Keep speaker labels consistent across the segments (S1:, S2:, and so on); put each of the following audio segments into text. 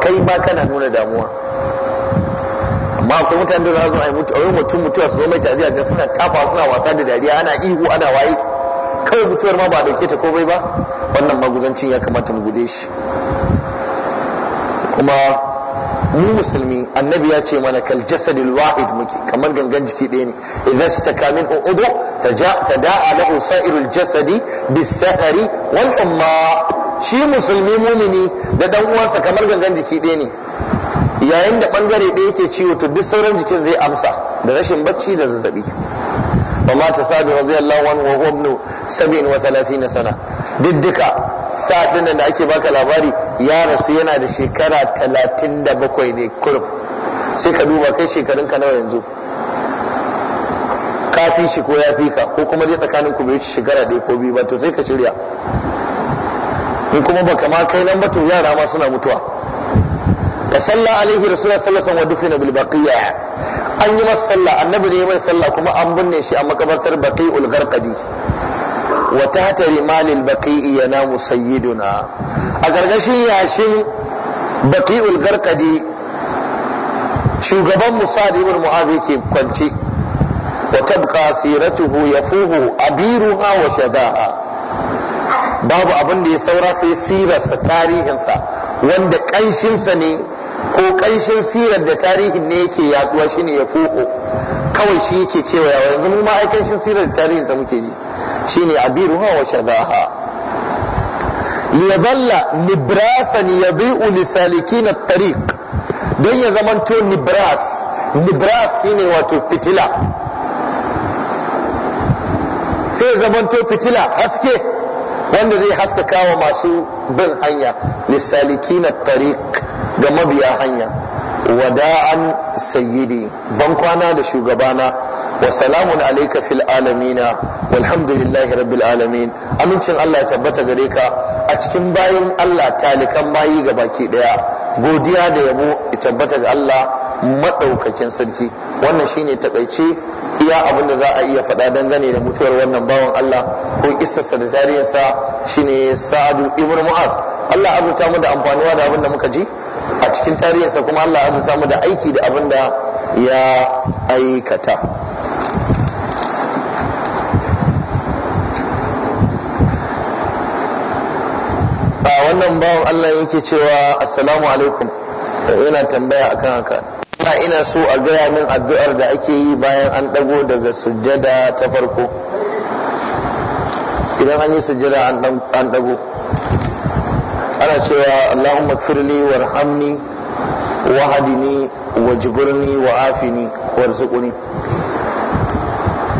S1: kai ma kana nuna damuwa amma akwai mutane da za su ai mutu wani mutum mutuwa su zo mai taziya ga suna kafa suna wasa da dariya ana ihu ana waye kawai mutuwar ma ba a dauke ta komai ba wannan maguzancin ya kamata mu gude shi kuma mu musulmi annabi ya ce mana kal jasadil wahid muke kamar gangan jiki ɗaya ne idan su ta kamin udu ta da'a lahu sa'irul jasadi bis sahari wal umma shi musulmi mumini da dan uwansa kamar gangan jiki ɗaya ne yayin da ɓangare ɗaya yake ciwo to duk sauran jikin zai amsa da rashin bacci da zazzabi ومات wa رضي الله عنه وهو ابن na سنة Duk duka, din da ake baka labari ya rasu yana da shekara talatin da bakwai ne kurf sai ka duba kai shekarun ka nawa yanzu ka fi shi ko ya fi ka ko kuma dai tsakanin ku bai shekara ɗaya ko biyu ba to sai ka shirya in kuma ba kama kai nan to yara ma suna mutuwa da sallah alaihi rasulullah sallallahu alaihi wasallam dufina bil baqiya an yi masa sallah annabi ne mai sallah kuma an binne shi a makabartar baqiul gharqadi wa tahta rimalil baqi yanamu sayyiduna a gargashin yashin baqiul gharqadi shugaban musad ibn mu'adh ke kwance wa tabqa siratuhu yafuhu abiruha wa shadaha babu abin da ya saura sai sirarsa tarihinsa wanda ƙanshinsa ne ko ƙanshin sirar da tarihin ne yake yaduwa shine ya fuko kawai shi yake cewa yanzu mu ma ai ƙanshin sirar da tarihinsa muke ji shine ha wa shadaha liyazalla nibrasan yabi'u lisalikin at-tariq don ya to nibras nibras shine wato fitila sai to fitila haske wanda zai haskaka wa masu bin hanya lissaliki na tariq ga mabiya hanya wada'an sayyidi ban kwana da shugabana wa salamun alaika fil alamina walhamdulillahi rabbil alamin amincin Allah ya tabbata gare ka a cikin bayan Allah talikan bayi ga baki daya godiya da yabo ya tabbata ga Allah madaukakin sarki wannan shine takaice iya abin da za a iya faɗa dangane da mutuwar wannan bawan Allah ko kissarsa da tarihinsa shine Sa'adu ibn Mu'az Allah azurta mu da amfanuwa da abin da muka ji a cikin tarihinsa kuma Allah azurta mu da aiki da abin da ya aikata a wannan bawan Allah yake cewa assalamu alaikum yana tambaya akan haka Allah ina so a gaya min addu'ar da ake yi bayan an ɗago daga sujjada ta farko idan an yi sujjada an ɗago ana cewa Allahumma firli warhamni wahadini wajburni wa'afini warzuqni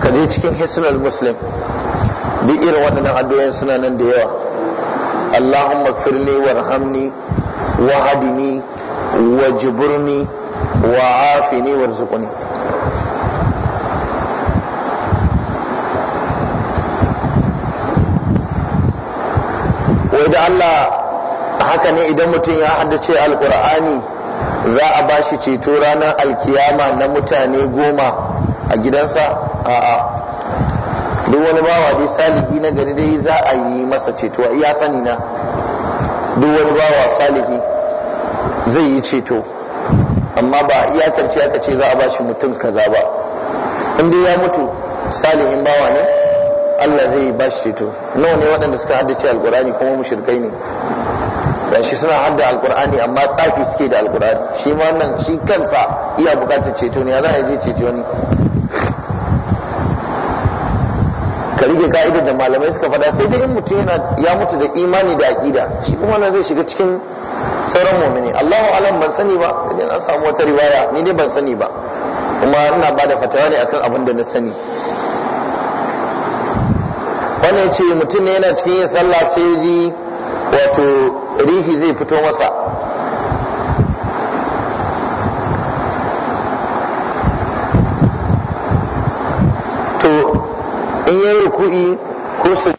S1: kaje cikin hisnul muslim duk irin waɗannan addu'o'in suna nan da yawa Allahumma firli warhamni wahadini wajburni وعافني وارزقني wai da Allah haka ne idan mutum ya haddace alkur'ani za a ba shi ceto ranar alkiyama na mutane goma a gidansa a'a duk wani bawa dai salihi na gari dai za a yi masa ceto iya sani na duk wani bawa salihi zai yi ceto amma ba a iyakance aka ce za a ba shi mutum kaza ba inda ya mutu salihin bawa ne Allah zai ba shi ceto nawa ne waɗanda suka haddace alkur'ani kuma mushrikai ne shi suna hadda alkur'ani amma tsafi suke da alkur'ani shi ma nan shi kansa iya bukatar ceto ne ya za a je ceto wani ka rike ka'idar da malamai suka fada sai dai in mutum yana ya mutu da imani da aƙida shi kuma nan zai shiga cikin sauran mu'mini Allahu alam ban sani ba idan an samu wata riwaya ni dai ban sani ba kuma ina ba da fatawa ne akan abin da na sani wannan ce mutum ne yana cikin yin sallah sai ji wato rihi zai fito masa yi ruku'i ko su